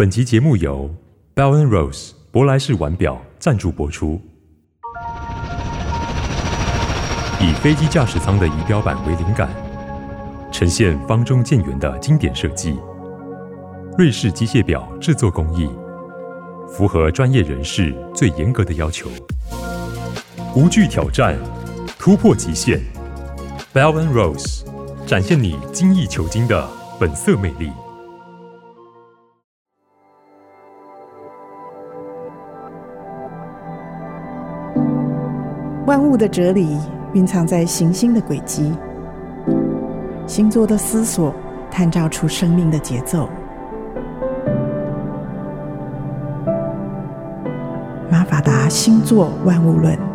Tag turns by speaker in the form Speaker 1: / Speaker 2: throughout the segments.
Speaker 1: 本集節目由 Bell & Ross 柏萊士腕錶贊助播出。以飛機駕駛艙的儀表板為靈感，呈現方中見圓的經典設計。瑞士機械錶製作工藝，符合專業人士最嚴格的要求。無懼挑戰，突破極限。Bell & Ross，展現你精益求精的本色魅力。
Speaker 2: 物的哲理蘊藏在行星的軌跡，星座的思索探照出生命的節奏。馬法達星座萬物論。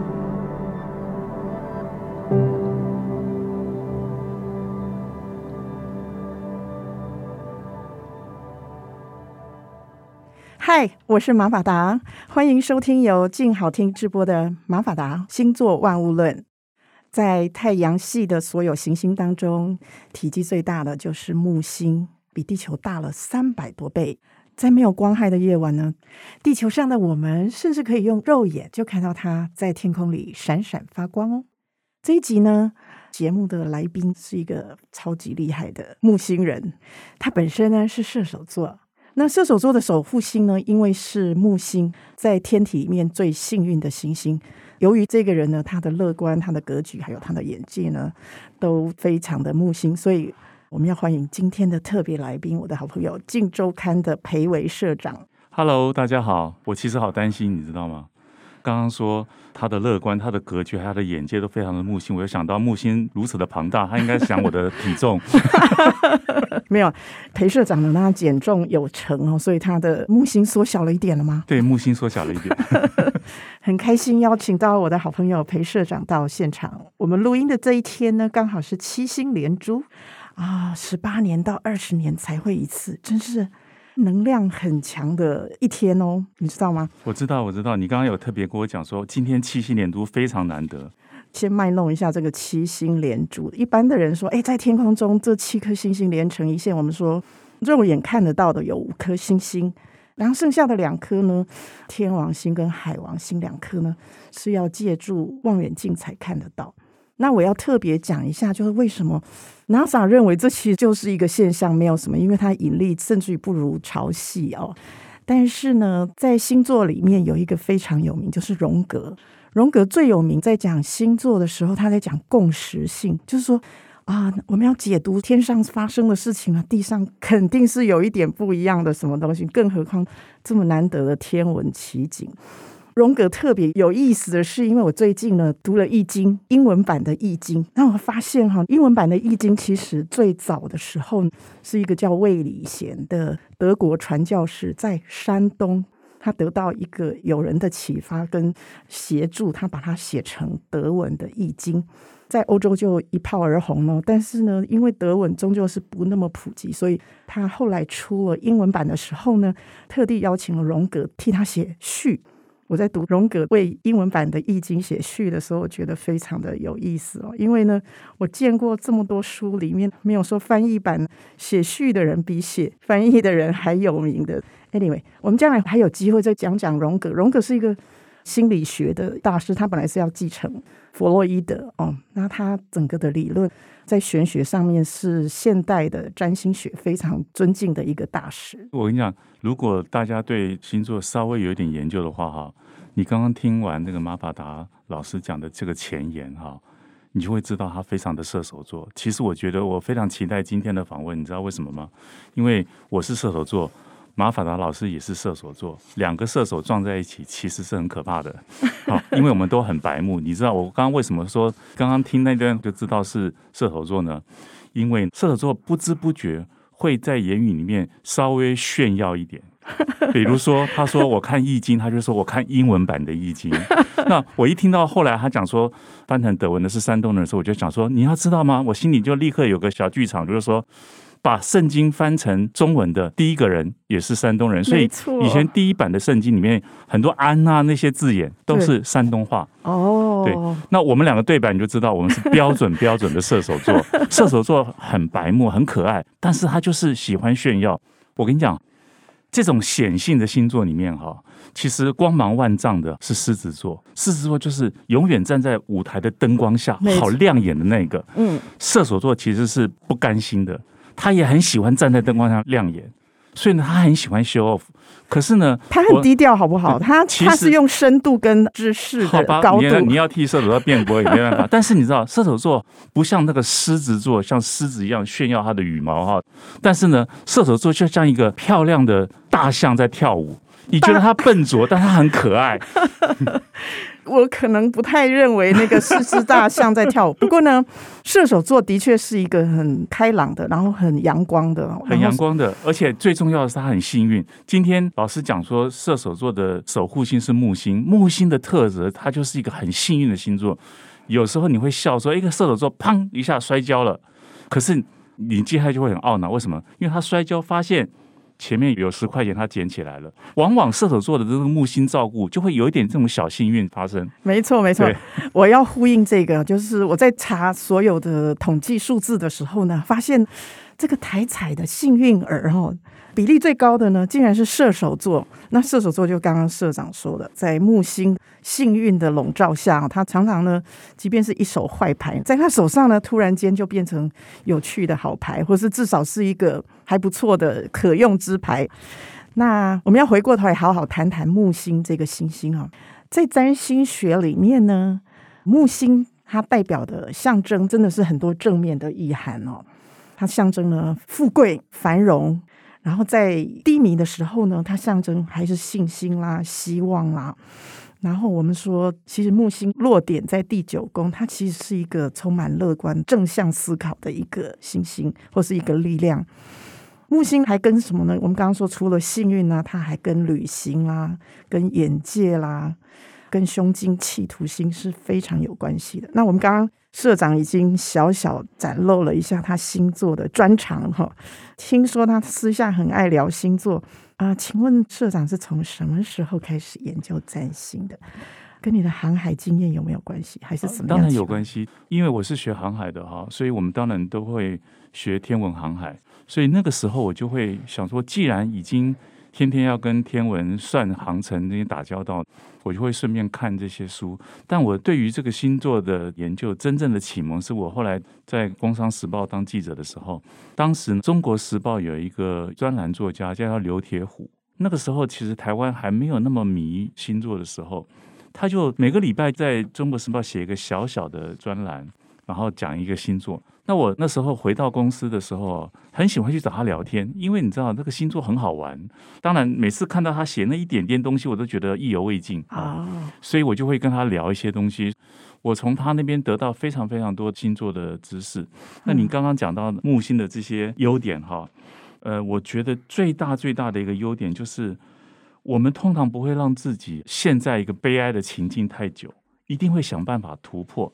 Speaker 2: 嗨，我是馬法達，歡迎收聽由靜好聽直播的《馬法達星座萬物論》。在太陽系的所有行星當中，體積最大的就是木星，比地球大了三百多倍。在沒有光害的夜晚呢，地球上的我們甚至可以用肉眼就看到它在天空裡閃閃發光哦。這一集呢，節目的來賓是一個超級厲害的木星人，他本身呢是射手座。那射手座的守護星呢？因為是木星，在天體裡面最幸運的行星。由於這個人呢，他的樂觀、他的格局，還有他的眼界呢，都非常的木星。所以我們要歡迎今天的特別來賓，我的好朋友《鏡週刊》的裴偉社長。
Speaker 1: Hello，大家好。我其實好擔心，你知道嗎？剛剛說他的樂觀、他的格局、還有他的眼界都非常的木星，我又想到木星如此的龐大，他應該想我的體重。
Speaker 2: 沒有，裴社長能那他減重有成哦，所以他的木星縮小了一點了嗎？
Speaker 1: 對，木星縮小了一點，
Speaker 2: 很開心邀請到我的好朋友裴社長到現場。我們錄音的這一天呢，剛好是七星連珠啊，十八年到二十年才會一次，真是能量很強的一天哦，你知道嗎？
Speaker 1: 我知道，我知道，你剛剛有特別跟我講說，今天七星連珠非常難得。
Speaker 2: 先賣弄一下這個七星連珠。一般的人說，哎、欸，在天空中這七顆星星連成一線，我們說肉眼看得到的有五顆星星，然後剩下的兩顆呢，天王星跟海王星兩顆呢是要借助望遠鏡才看得到。那我要特別講一下，就是為什麼 NASA 認為這其實就是一個現象，沒有什麼，因為它引力甚至於不如潮汐哦。但是呢，在星座裡面有一個非常有名，就是榮格。榮格最有名，在講星座的時候，他在講共時性，就是說啊、呃，我們要解讀天上發生的事情啊，地上肯定是有一點不一樣的什麼東西，更何況這麼難得的天文奇景。榮格特別有意思的是，因為我最近呢讀了《易經》英文版的《易經》，那我發現哈，英文版的《易經》其實最早的時候是一個叫衛禮賢的德國傳教士在山東。他得到一個友人的啟發跟協助，他把它寫成德文的《易經》，在歐洲就一炮而紅了。但是呢，因為德文終究是不那麼普及，所以他後來出了英文版的時候呢，特地邀請了榮格替他寫序。我在讀榮格為英文版的《易經》寫序的時候，我覺得非常的有意思哦，因為呢，我見過這麼多書裡面，沒有說翻譯版寫序的人比寫翻譯的人還有名的。Anyway，我們將來還有機會再講講榮格。榮格是一個心理學的大師，他本來是要繼承弗洛伊德哦。那他整個的理論在玄學上面是現代的占星學非常尊敬的一個大師。
Speaker 1: 我跟你講，如果大家對星座稍微有一點研究的話，哈，你剛剛聽完那個馬法達老師講的這個前言，哈，你就會知道他非常的射手座。其實我覺得我非常期待今天的訪問，你知道為什麼嗎？因為我是射手座。馬法達老師也是射手座，兩個射手撞在一起其實是很可怕的。好，因為我們都很白目，你知道我剛剛為什麼說剛剛聽那段就知道是射手座呢？因為射手座不知不覺會在言語裡面稍微炫耀一點，比如說他說我看《易經》，他就說我看英文版的《易經》。 那我一聽到後來他講說翻成德文的是山東人的時候，我就想說你要知道嗎？我心裡就立刻有個小劇場，就是說。把聖經翻成中文的第一個人也是山東人，所以以前第一版的聖經裡面很多“安”啊那些字眼都是山東話。
Speaker 2: 哦，對。
Speaker 1: 那我們兩個對白你就知道，我們是標準標準的射手座。射手座很白目，很可愛，但是他就是喜歡炫耀。我跟你講，這種顯性的星座裡面哈，其實光芒萬丈的是獅子座。獅子座就是永遠站在舞台的燈光下，好亮眼的那個。嗯。射手座其實是不甘心的。他也很喜歡站在燈光上亮眼，所以呢，他很喜歡 show off。可是呢，他很低調，
Speaker 2: 好不好？嗯、他其實他是用深度跟知識的高度。好吧，你要你
Speaker 1: 要替射手座辯駁也沒辦法。 但是你知道，射手座不像那個獅子座，像獅子一樣炫耀他的羽毛哈。但是呢，射手座就像一個漂亮的大象在跳舞。你覺得他笨拙，但他很可愛。 我
Speaker 2: 可能不太認為那個是隻大象在跳舞， 不過呢，射手座的確是一個很開朗的，然後很陽光的，很陽
Speaker 1: 光的，而且最重要的是他很幸運。今天老師講說射手座的守護星是木星，木星的特質，它就是一個很幸運的星座。有時候你會笑說，一個射手座砰一下摔跤了，可是你接下去就會很懊惱，為什麼？因為他摔跤發現。前面有十塊錢，他撿起來了。往往射手座的這個木星照顧，就會有一點這種小幸運發生。
Speaker 2: 沒錯，沒錯。對，我要呼應這個，就是我在查所有的統計數字的時候呢，發現。這個台彩的幸運兒哦，比例最高的呢，竟然是射手座。那射手座就剛剛社長說的，在木星幸運的籠罩下，他常常呢，即便是一手壞牌，在他手上呢，突然間就變成有趣的好牌，或是至少是一個還不錯的可用之牌。那我們要回過頭來好好談談木星這個星星哈、哦，在占星學裡面呢，木星它代表的象徵真的是很多正面的意涵哦。它象徵了富貴繁榮，然後在低迷的時候呢，它象徵還是信心啦、希望啦。然後我們說，其實木星落點在第九宮，它其實是一個充滿樂觀、正向思考的一個信心，或是一個力量。木星還跟什麼呢？我們剛剛說，除了幸運呢、啊，它還跟旅行啦、啊、跟眼界啦、跟胸襟、企圖心是非常有關係的。那我們剛剛。社長已經小小展露了一下他星座的專長哈，聽說他私下很愛聊星座啊、呃，請問社長是從什麼時候開始研究占星的？跟你的航海經驗有沒有關係？還是怎麼樣？當然有
Speaker 1: 關係，因為我是學航海的哈，所以我們當然都會學天文航海，所以那個時候我就會想說，既然已經天天要跟天文算航程這些打交道，我就會順便看這些書。但我對於這個星座的研究，真正的啟蒙是我後來在《工商時報》當記者的時候。當時《中國時報》有一個專欄作家，叫劉鐵虎。那個時候其實台灣還沒有那麼迷星座的時候，他就每個禮拜在《中國時報》寫一個小小的專欄，然後講一個星座。那我那時候回到公司的時候，很喜歡去找他聊天，因為你知道那個星座很好玩。當然，每次看到他寫那一點點東西，我都覺得意猶未盡啊。所以我就會跟他聊一些東西，我從他那邊得到非常非常多星座的知識。那你剛剛講到木星的這些優點哈，呃，我覺得最大最大的一個優點就是，我們通常不會讓自己陷在一個悲哀的情境太久，一定會想辦法突破。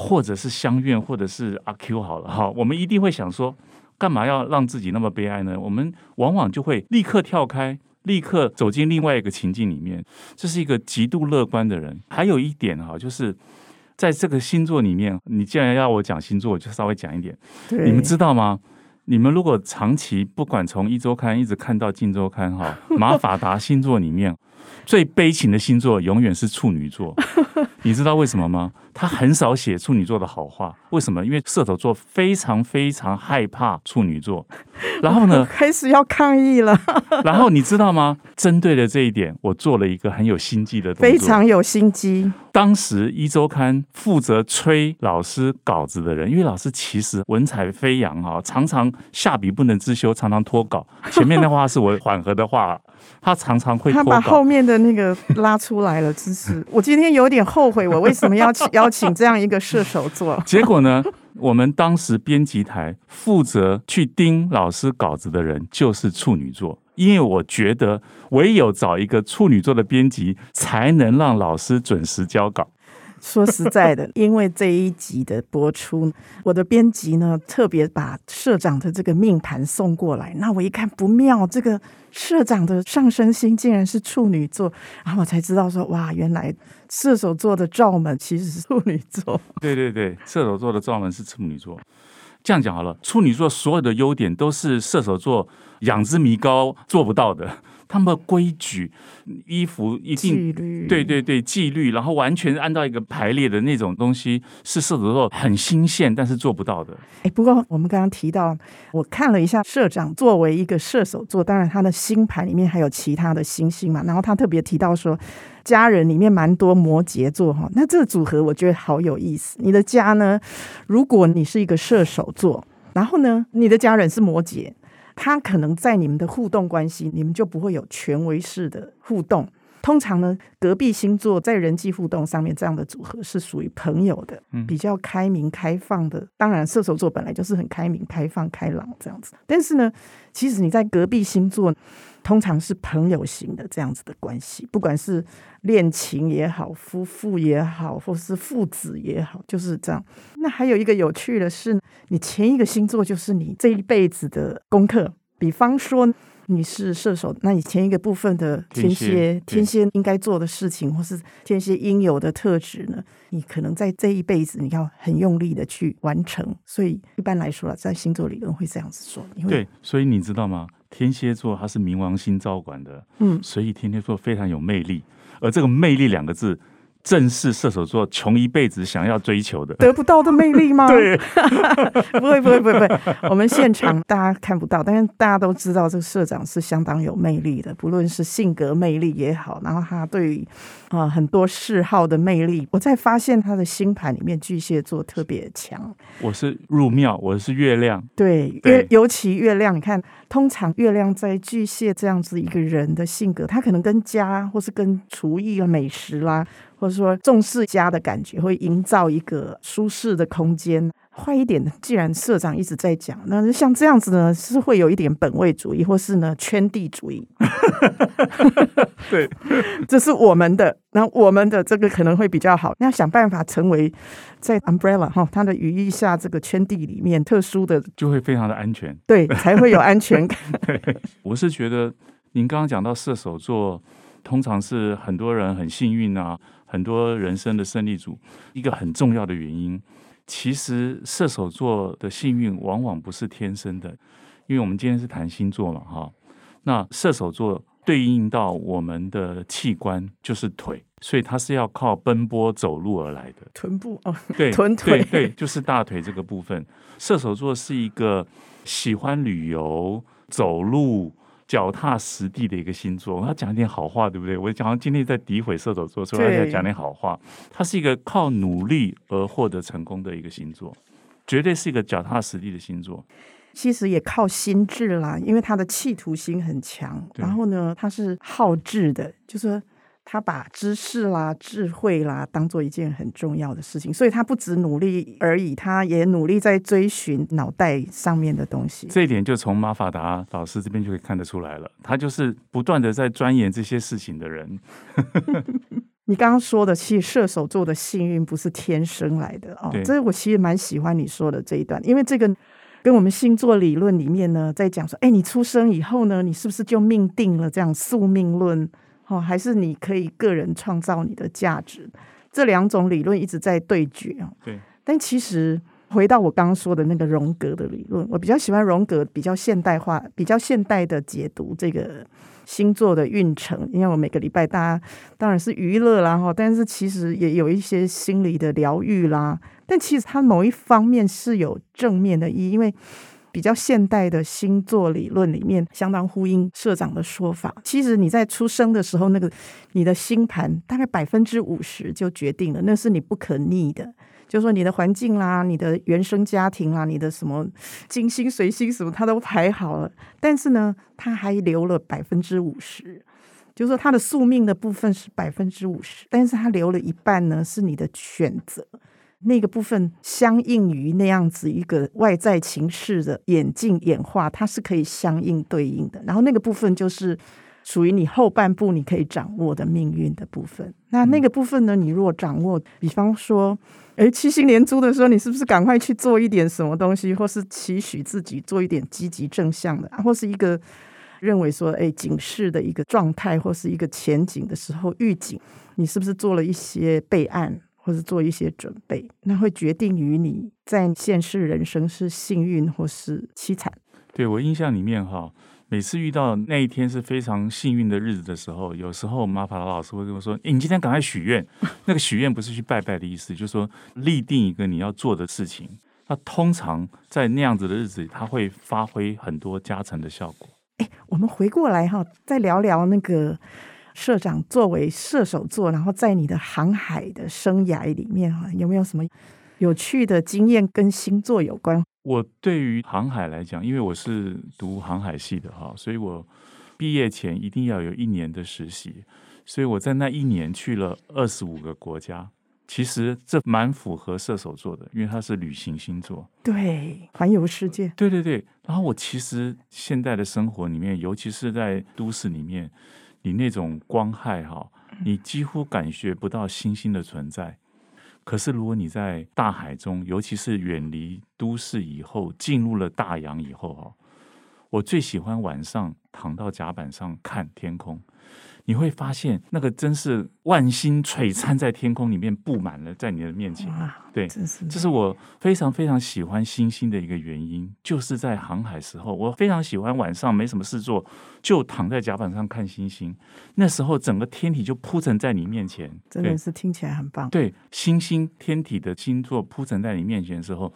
Speaker 1: 或者是鄉願，或者是阿 Q 好了哈，我們一定會想說，幹嘛要讓自己那麼悲哀呢？我們往往就會立刻跳開，立刻走進另外一個情境裡面。這是一個極度樂觀的人。還有一點哈，就是在這個星座裡面，你既然要我講星座，就稍微講一點。你們知道嗎？你們如果長期不管從壹週刊一直看到鏡週刊哈，瑪法達星座裡面。 最悲情的星座永遠是處女座， 你知道為什麼嗎？他很少寫處女座的好話。為什麼？因為射手座非常非常害怕處女座。然後呢，開始要抗議了。 然後你知道嗎？針對了這一點，我做了一個很有心機的動作，非常
Speaker 2: 有心機。
Speaker 1: 當時一周刊負責催老師稿子的人，因為老師其實文采飛揚哈，常常下筆不能自修，常常拖稿。前面的話是我緩和的話。 他常常會拖稿，他把後
Speaker 2: 面的那個拉出來了。其 實我今天有點後悔，我為什麼要邀請邀請這樣一個射手座？
Speaker 1: 結果呢，我們當時編輯台負責去盯老師稿子的人就是處女座，因為我覺得唯有找一個處女座的編輯，才能讓老師準時交稿。
Speaker 2: 說實在的，因為這一集的播出，我的編輯呢特別把社長的這個命盤送過來，那我一看不妙，這個社長的上升星竟然是處女座，然後我才知道說，哇，原來射手座的罩門其實是處女座。
Speaker 1: 對對對，射手座的罩門是處女座。這樣講好了，處女座所有的優點都是射手座仰之彌高做不到的。他們的規矩、衣服一定，紀律。對對對，紀律，然後完全按照一個排列的那種東西。是射手座很新鮮，但是做不到的。哎，
Speaker 2: 不過我們剛剛提到，我看了一下，社長作為一個射手座，當然他的星盤裡面還有其他的星星嘛。然後他特別提到說，家人裡面蠻多摩羯座哈。那這個組合我覺得好有意思。你的家呢？如果你是一個射手座，然後呢，你的家人是摩羯。他可能在你們的互動關係，你們就不會有權威式的互動。通常呢，隔壁星座在人際互動上面這樣的組合是屬於朋友的，嗯、比較開明、開放的。當然，射手座本來就是很開明、開放、開朗這樣子。但是呢，其實你在隔壁星座。通常是朋友型的這樣子的關係，不管是戀情也好，夫婦也好，或是父子也好，就是這樣。那還有一個有趣的是，你前一個星座就是你這一輩子的功課。比方說你是射手，那你前一個部分的天蠍，天蠍應該做的事情，或是天蠍應有的特質呢，你可能在這一輩子你要很用力的去完成。所以一般來說，在星座理論會這樣子說，對，
Speaker 1: 所以你知道嗎？天蠍座，它是冥王星照管的，嗯，所以天蠍座非常有魅力，而這個“魅力”兩個字。正是射手座窮一輩子想要追求的，
Speaker 2: 得不到的魅力嗎？ 對， 不會，不會，不會，不會。我們現場大家看不到，但是大家都知道這個社長是相當有魅力的，不論是性格魅力也好，然後他對於啊、呃、很多嗜好的魅力，我在發現他的星盤裡面巨蟹座特別強。
Speaker 1: 我是入廟，我是月亮。
Speaker 2: 對，對月尤其月亮，你看，通常月亮在巨蟹這樣子一個人的性格，他可能跟家或是跟廚藝啊美食啦。或者說重視家的感覺，會營造一個舒適的空間。壞一點的，既然社長一直在講，那像這樣子呢，是會有一點本位主義，或是呢圈地主義。對， 這是我們的，那我們的這個可能會比較好。要想辦法成為在 Umbrella 哈它的羽翼下這個圈地裡面特殊
Speaker 1: 的，就會非常的安全。對，才會有安全感。對， 我是覺得您剛剛講到射手座，通常是很多人很幸運啊。很多人生的勝利組，一個很重要的原因，其實射手座的幸運往往不是天生的，因為我們今天是談星座嘛，哈。那射手座對應到我們的器官就是腿，所以它是要靠奔波走路而來的。
Speaker 2: 臀部哦，對，臀腿對，對，
Speaker 1: 就是大腿這個部分。射手座是一個喜歡旅遊、走路。腳踏實地的一個星座，我要講一點好話，對不對？我好像今天在詆毀射手座，所以我要講點好話。他是一個靠努力而獲得成功的一個星座，絕對是一個腳踏實地的星座。
Speaker 2: 其實也靠心智啦，因為他的企圖心很強，然後呢，他是好智的，就是說。他把知識啦、智慧啦當做一件很重要的事情，所以他不止努力而已，他也努力在追尋腦袋上面的東西。這
Speaker 1: 一點就從馬法達老師這邊就可以看得出來了，他就是不斷的在鑽研這些事情的人。
Speaker 2: 你剛剛說的，其實射手座的幸運不是天生來的哦，所以我其實蠻喜歡你說的這一段，因為這個跟我們星座理論裡面呢，在講說，哎，你出生以後呢，你是不是就命定了這樣宿命論？哦，還是你可以個人創造你的價值，這兩種理論一直在對決哦。對，但其實回到我剛剛說的那個榮格的理論，我比較喜歡榮格比較現代化、比較現代的解讀這個星座的運程。因為我每個禮拜大家當然是娛樂啦哈，但是其實也有一些心理的療癒啦。但其實它某一方面是有正面的意義，因為。比較現代的星座理論裡面，相當呼應社長的說法。其實你在出生的時候，那個你的星盤大概百分之五十就決定了，那是你不可逆的。就是說你的環境啦、啊，你的原生家庭啦、啊，你的什麼金星、水星什麼，它都排好了。但是呢，它還留了百分之五十，就是說它的宿命的部分是百分之五十，但是它留了一半呢，是你的選擇。那個部分相應於那樣子一個外在情勢的演進演化，它是可以相應對應的。然後那個部分就是屬於你後半部你可以掌握的命運的部分。那那個部分呢？你如果掌握，比方說，誒，七星連珠的時候，你是不是趕快去做一點什麼東西，或是期許自己做一點積極正向的，或是一個認為說，誒，警示的一個狀態，或是一個前景的時候預警，你是不是做了一些備案？或者做一些準備，那會決定於你在現世人生是幸
Speaker 1: 運或是淒慘。對，我印象裡面哈，每次遇到那一天是非常幸運的日子的時候，有時候瑪法達老師會跟我說：“哎、欸，你今天趕快許願。 ”那個許願不是去拜拜的意思，就是說立定一個你要做的事情。那通常在那樣子的日子，他會發揮很多加成的效果。
Speaker 2: 欸、我們回過來哈，再聊聊那個。社長作為射手座，然後在你的航海的生涯裡面，哈，有沒有什麼有趣的經驗跟星座有關？
Speaker 1: 我對於航海來講，因為我是讀航海系的哈，所以我畢業前一定要有一年的實習，所以我在那一年去了二十五個國家。其實這蠻符合射手座的，因為它是旅行星座，對，環遊世界，對對對。然後我其實現在的生活裡面，尤其是在都市裡面。你那種光害哈，你幾乎感覺不到星星的存在。可是如果你在大海中，尤其是遠離都市以後，進入了大洋以後哈，我最喜歡晚上躺到甲板上看天空。你會發現，那個真是萬星璀璨，在天空裡面佈滿了，在你的面前。對，這是這是我非常非常喜歡星星的一個原因，就是在航海時候，我非常喜歡晚上沒什麼事做，就躺在甲板上看星星。那時候，整個天體就鋪陳在你面前，真的是
Speaker 2: 聽起來很棒。
Speaker 1: 對，對，星星天體的星座鋪陳在你面前的時候。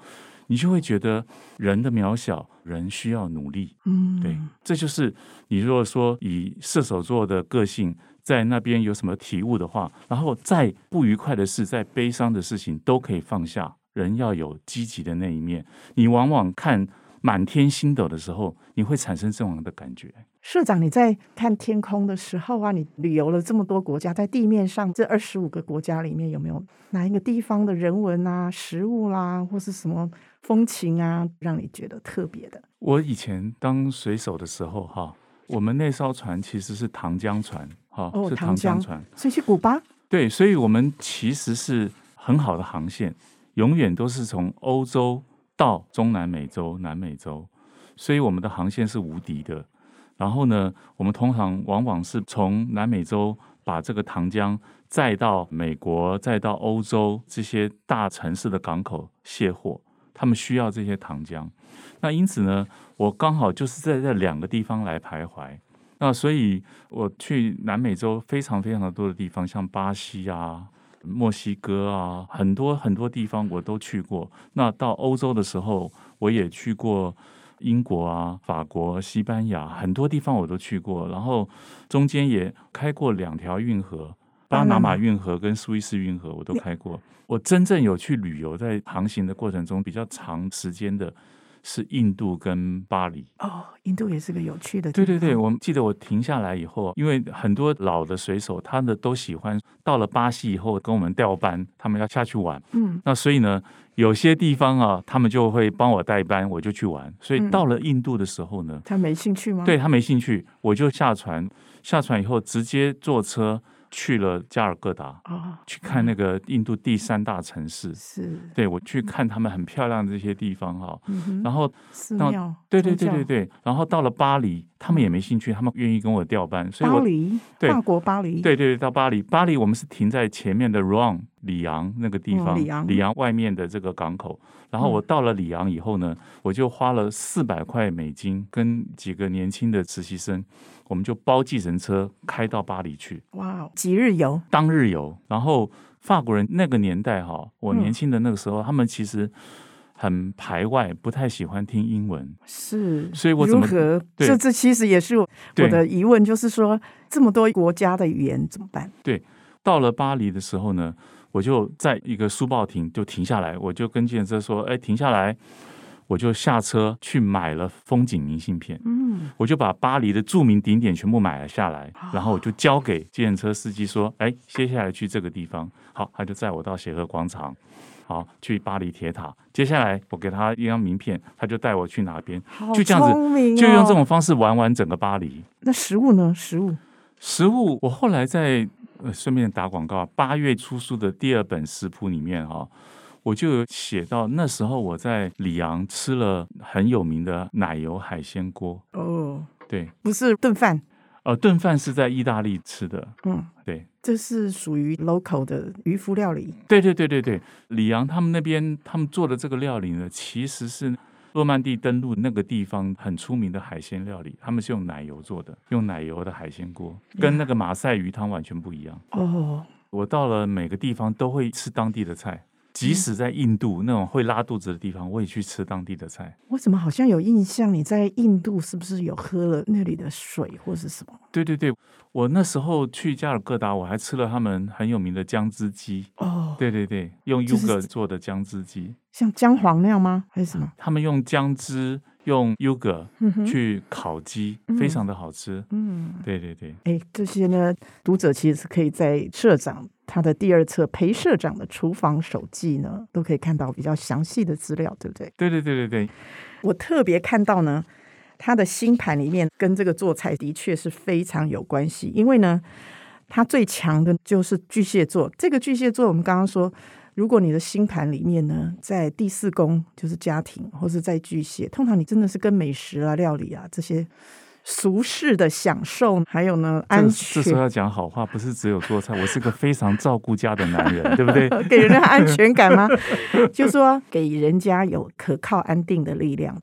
Speaker 1: 你就會覺得人的渺小，人需要努力。嗯，對，這就是你如果說以射手座的個性在那邊有什麼體悟的話，然後再不愉快的事，再悲傷的事情都可以放下。人要有積極的那一面。你往往看滿天星斗的時候，你會產生這樣的感覺。
Speaker 2: 社長，你在看天空的時候啊，你旅遊了這麼多國家，在地面上這二十五個國家裡面，有沒有哪一個地方的人文啊、食物啦、啊，或是什麼？風情啊，讓你覺得特別的。
Speaker 1: 我以前當水手的時候，哈、哦，我們那艘船其實是糖漿船，哈、哦，是糖漿船，所以去古巴。對，所以我們其實是很好的航線，永遠都是從歐洲到中南美洲、南美洲，所以我們的航線是無敵的。然後呢，我們通常往往是從南美洲把這個糖漿再到美國，再到歐洲這些大城市的港口卸貨。他們需要這些糖漿，那因此呢，我剛好就是在這兩個地方來徘徊，那所以我去南美洲非常非常的多的地方，像巴西啊、墨西哥啊，很多很多地方我都去過。那到歐洲的時候，我也去過英國啊、法國、西班牙，很多地方我都去過。然後中間也開過兩條運河。巴拿馬運河跟蘇伊士運河我都開過，我真正有去旅遊、在航行的過程中比較長時間的是印度跟巴黎。哦，
Speaker 2: 印度也是個有趣的。對對對，
Speaker 1: 我記得我停下來以後，因為很多老的水手，他們都喜歡到了巴西以後跟我們調班，他們要下去玩。嗯，那所以呢，有些地方啊，他們就會幫我代班，我就去玩。所以到了印度的時候呢，他
Speaker 2: 沒興趣嗎？對他沒
Speaker 1: 興趣，我就下船，下船以後直接坐車。去了加爾各答、哦、去看那個印度第三大城市是，對，我去看他們很漂亮的這些地方哈、嗯，然後到，寺廟，對對對對對，然後到了巴黎。他們也沒興趣，他們願意跟我調班，所以我巴黎，
Speaker 2: 對，法國巴黎，對
Speaker 1: 對對，到巴黎，巴黎我們是停在前面的 wrong 里昂那個地方，嗯，里昂，里昂外面的這個港口。然後我到了里昂以後呢，嗯，我就花了四百塊美金，跟幾個年輕的實習生，我們就包計程車開到巴黎去。哇，哦，幾日遊？當日遊。然後法國人那個年代哈，我年輕的那個時候，嗯，他們其實。很排外，不太喜歡聽英文，是，所以我怎麼這這
Speaker 2: 其實也是我的疑問，就是說這麼多國家的語言怎麼辦？
Speaker 1: 對，到了巴黎的時候呢，我就在一個書報亭就停下來，我就跟計程車說：“哎，停下來！”我就下車去買了風景明信片，嗯，我就把巴黎的著名景點全部買了下來，哦、然後我就交給計程車司機說：“哎，接下來去這個地方。”好，他就載我到協和廣場。好，去巴黎鐵塔。接下來我給他一張名片，他就帶我去哪邊、哦，就這樣子，就用這種方式玩完整個巴黎。
Speaker 2: 那食物呢？食
Speaker 1: 物？食物。我後來在、呃、順便打廣告，八月出書的第二本食譜裡面哈、哦，我就寫到那時候我在里昂吃了很有名的奶油海鮮鍋。哦，對，
Speaker 2: 不是燉飯。
Speaker 1: 呃，燉飯是在意大利吃的。嗯，嗯對。
Speaker 2: 這是屬於 local 的漁夫料理。
Speaker 1: 對對對對對，里昂他們那邊他們做的這個料理呢，其實是諾曼底登陸那個地方很出名的海鮮料理。他們是用奶油做的，用奶油的海鮮鍋，跟那個馬賽魚湯完全不一樣。哦、yeah，我到了每個地方都會吃當地的菜。Oh. 即使在印度那種會拉肚子的地方，我也去吃當地的菜。嗯、我
Speaker 2: 怎麼好像有印象，你在印度是不是有喝了那裡的水或是什麼？
Speaker 1: 對對對，我那時候去加爾各答，我還吃了他們很有名的薑汁雞。哦，對對對，用 yogurt 做的薑汁雞，就
Speaker 2: 是、像薑黃那樣嗎？還是什麼？
Speaker 1: 他們用薑汁用 yogurt 去烤雞，嗯，非常的好吃。嗯對對對，
Speaker 2: 哎，這些呢，讀者其實是可以在社長他的第二冊《裴社長的廚房手記》呢，都可以看到比較詳細的資料，對不對？
Speaker 1: 對對對對對，
Speaker 2: 我特別看到呢，他的星盤裡面跟這個做菜的確是非常有關係，因為呢，他最強的就是巨蟹座。這個巨蟹座，我們剛剛說，如果你的星盤裡面呢，在第四宮就是家庭，或是在巨蟹，通常你真的是跟美食啊、料理啊這些。俗世的享受，還有呢，這個、安全。這時候要
Speaker 1: 講好話，不是只有做菜。我是個非常照顧家的男人， 對不對？ 給人家安全感嗎？
Speaker 2: 就是說給人家有可靠安定的力量。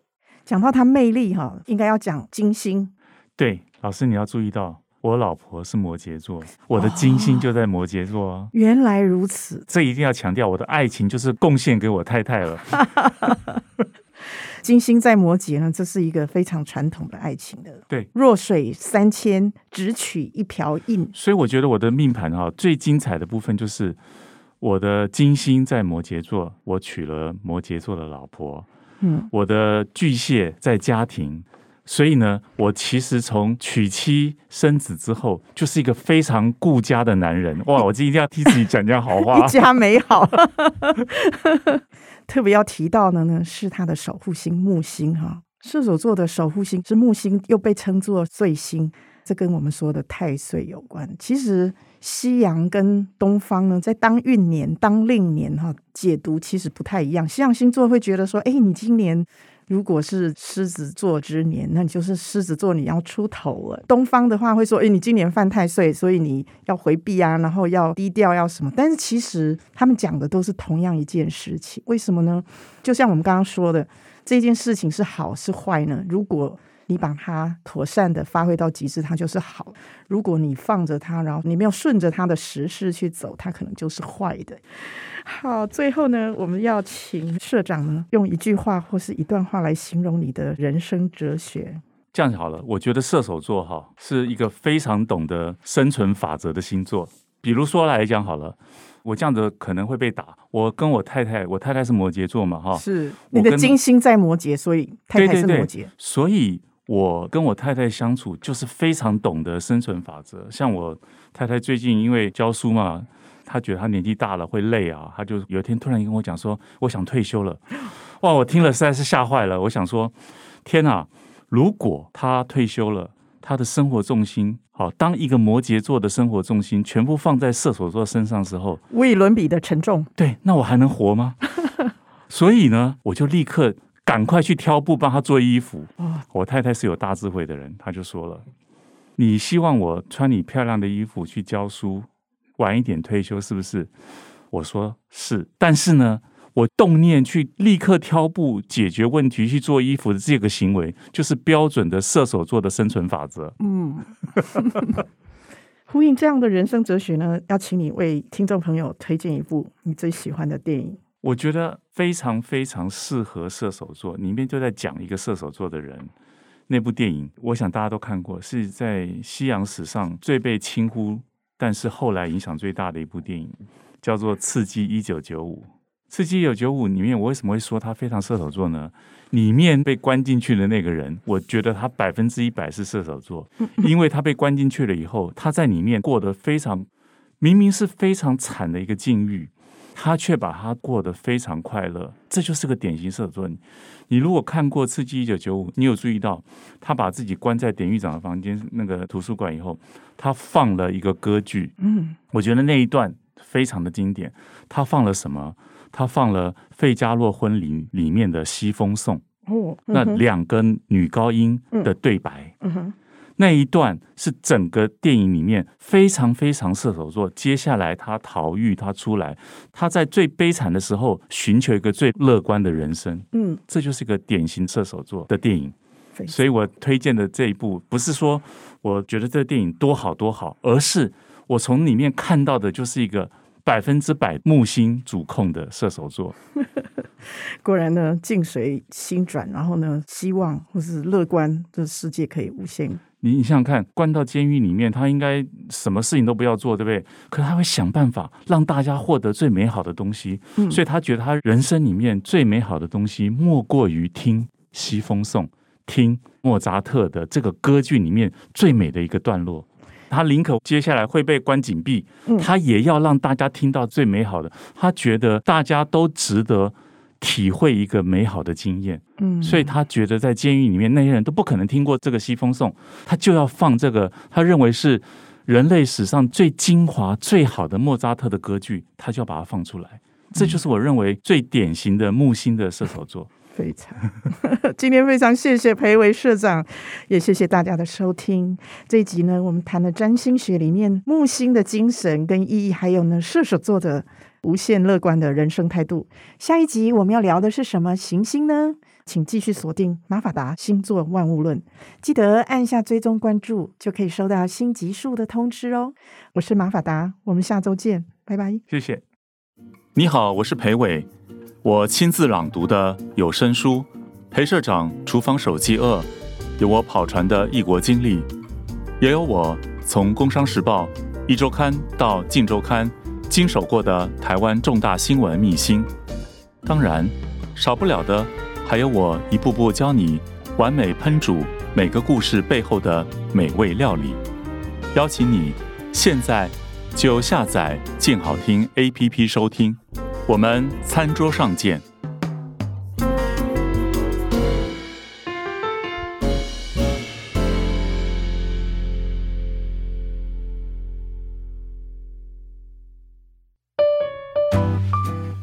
Speaker 2: 講到他魅力哈，應該要講金星。
Speaker 1: 對，老師你要注意到，我老婆是摩羯座，哦、我的金星就在摩羯座。
Speaker 2: 原來如此，
Speaker 1: 這一定要強調，我的愛情就是貢獻給我太太了。
Speaker 2: 金星在摩羯呢，這是一個非常傳統的愛情的。對，弱水三千，只取一瓢飲。
Speaker 1: 所以我覺得我的命盤哈，最精彩的部分就是我的金星在摩羯座，我娶了摩羯座的老婆。嗯，我的巨蟹在家庭，所以呢，我其實從娶妻生子之後，就是一個非常顧家的男人。哇，我今天一定要替自己講講好話， 一家美
Speaker 2: 好。 特別要提到的呢，是他的守護星木星哈。射手座的守護星是木星，又被稱作歲星，這跟我們說的太歲有關。其實，西洋跟東方呢，在當運年、當令年哈，解讀其實不太一樣。西洋星座會覺得說，哎、欸，你今年。如果是獅子座之年，那你就是獅子座，你要出頭了。東方的話會說，哎、欸，你今年犯太歲，所以你要回避啊，然後要低調，要什麼？但是其實他們講的都是同樣一件事情，為什麼呢？就像我們剛剛說的，這件事情是好是壞呢？如果你把它妥善的發揮到極致，它就是好；如果你放着它，然後你沒有順着它的時勢去走，它可能就是壞的。好，最後呢，我們要請社長呢，用一句話或是一段話來形容你的人生哲學。
Speaker 1: 這樣就好了。我覺得射手座哈是一個非常懂得生存法則的星座。比如說來講好了，我這樣子可能會被打。我跟我太太，我太太是摩羯座嘛，哈，是你的金
Speaker 2: 星在摩羯，所以
Speaker 1: 太太是摩羯。對對對，所以我跟我太太相處就是非常懂得生存法則。像我太太最近因為教書嘛。他覺得他年紀大了會累啊，他就有一天突然跟我講說：“我想退休了。”哇，我聽了實在是嚇壞了。我想說：“天哪！如果他退休了，他的生活重心，好，當一個摩羯座的生活重心全部放在射手座身上的時候，
Speaker 2: 無以倫比的沉重。
Speaker 1: 對，那我還能活嗎？ 所以呢，我就立刻趕快去挑布幫他做衣服。我太太是有大智慧的人，他就說了：“你希望我穿你漂亮的衣服去教書？”晚一點退休是不是？我說是，但是呢，我動念去立刻挑布，解決問題去做衣服的這個行為，就是標準的射手座的生存法則。嗯，
Speaker 2: 呼應這樣的人生哲學呢，要請你為聽眾朋友推薦一部你最喜歡的電影。
Speaker 1: 我覺得非常非常適合射手座，裡面就在講一個射手座的人。那部電影我想大家都看過，是在西洋史上最被輕忽但是後來影響最大的一部電影叫做《刺激一九九五》，《刺激一九九五》裡面我為什麼會說他非常射手座呢？裡面被關進去的那個人，我覺得他百分之一百是射手座，因為他被關進去了以後，他在裡面過得非常，明明是非常慘的一個境遇。他卻把他過得非常快樂，這就是個典型射手。你如果看過《刺激一九九五》，你有注意到他把自己關在典獄長的房間那個圖書館以後，他放了一個歌劇。嗯。我覺得那一段非常的經典。他放了什麼？他放了《費加洛婚禮》裡面的《西風頌》，哦，嗯哼，那兩根女高音的對白。嗯嗯那一段是整個電影裡面非常非常射手座。接下來他逃獄，他出來，他在最悲慘的時候尋求一個最樂觀的人生。嗯，這就是一個典型射手座的電影。所以我推薦的這一部，不是說我覺得這個電影多好多好，而是我從裡面看到的就是一個。百分之百木星主控的射手座，
Speaker 2: 果然呢，境隨心轉，然後呢，希望或是樂觀，這世界可以無限。你
Speaker 1: 你想想看，關到監獄裡面，他應該什麼事情都不要做，對不對？可是他會想辦法讓大家獲得最美好的東西。嗯，所以他覺得他人生裡面最美好的東西，莫過於聽《西風頌》，聽莫扎特的這個歌劇裡面最美的一個段落。他寧可接下來會被關禁閉，他也要讓大家聽到最美好的。他覺得大家都值得體會一個美好的經驗，嗯，所以他覺得在監獄裡面那些人都不可能聽過這個《西風頌》，他就要放這個他認為是人類史上最精華、最好的莫扎特的歌劇，他就要把它放出來。這就是我認為最典型的木星的射手座。非常，
Speaker 2: 今天非常謝謝裴偉社長，也謝謝大家的收聽。這一集呢，我們談了占星學裡面木星的精神跟意義，還有呢，射手座的無限樂觀的人生態度。下一集我們要聊的是什麼行星呢？請繼續鎖定瑪法達星座萬物論，記得按下追蹤關注，就可以收到新集數的通知哦。我是瑪法達，我們下周見，拜拜。
Speaker 1: 謝謝，你好，我是裴偉。我親自朗讀的有聲書，裴社長廚房手記二，有我跑船的異國經歷，也有我從《工商時報》壹週刊、到《鏡週刊》經手過的台灣重大新聞秘辛。當然，少不了的還有我一步步教你完美烹煮每個故事背後的美味料理。邀請你現在就下載鏡好聽 APP 收聽。我們餐桌上見。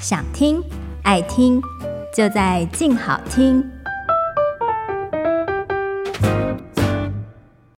Speaker 1: 想聽、愛聽，就在鏡好聽。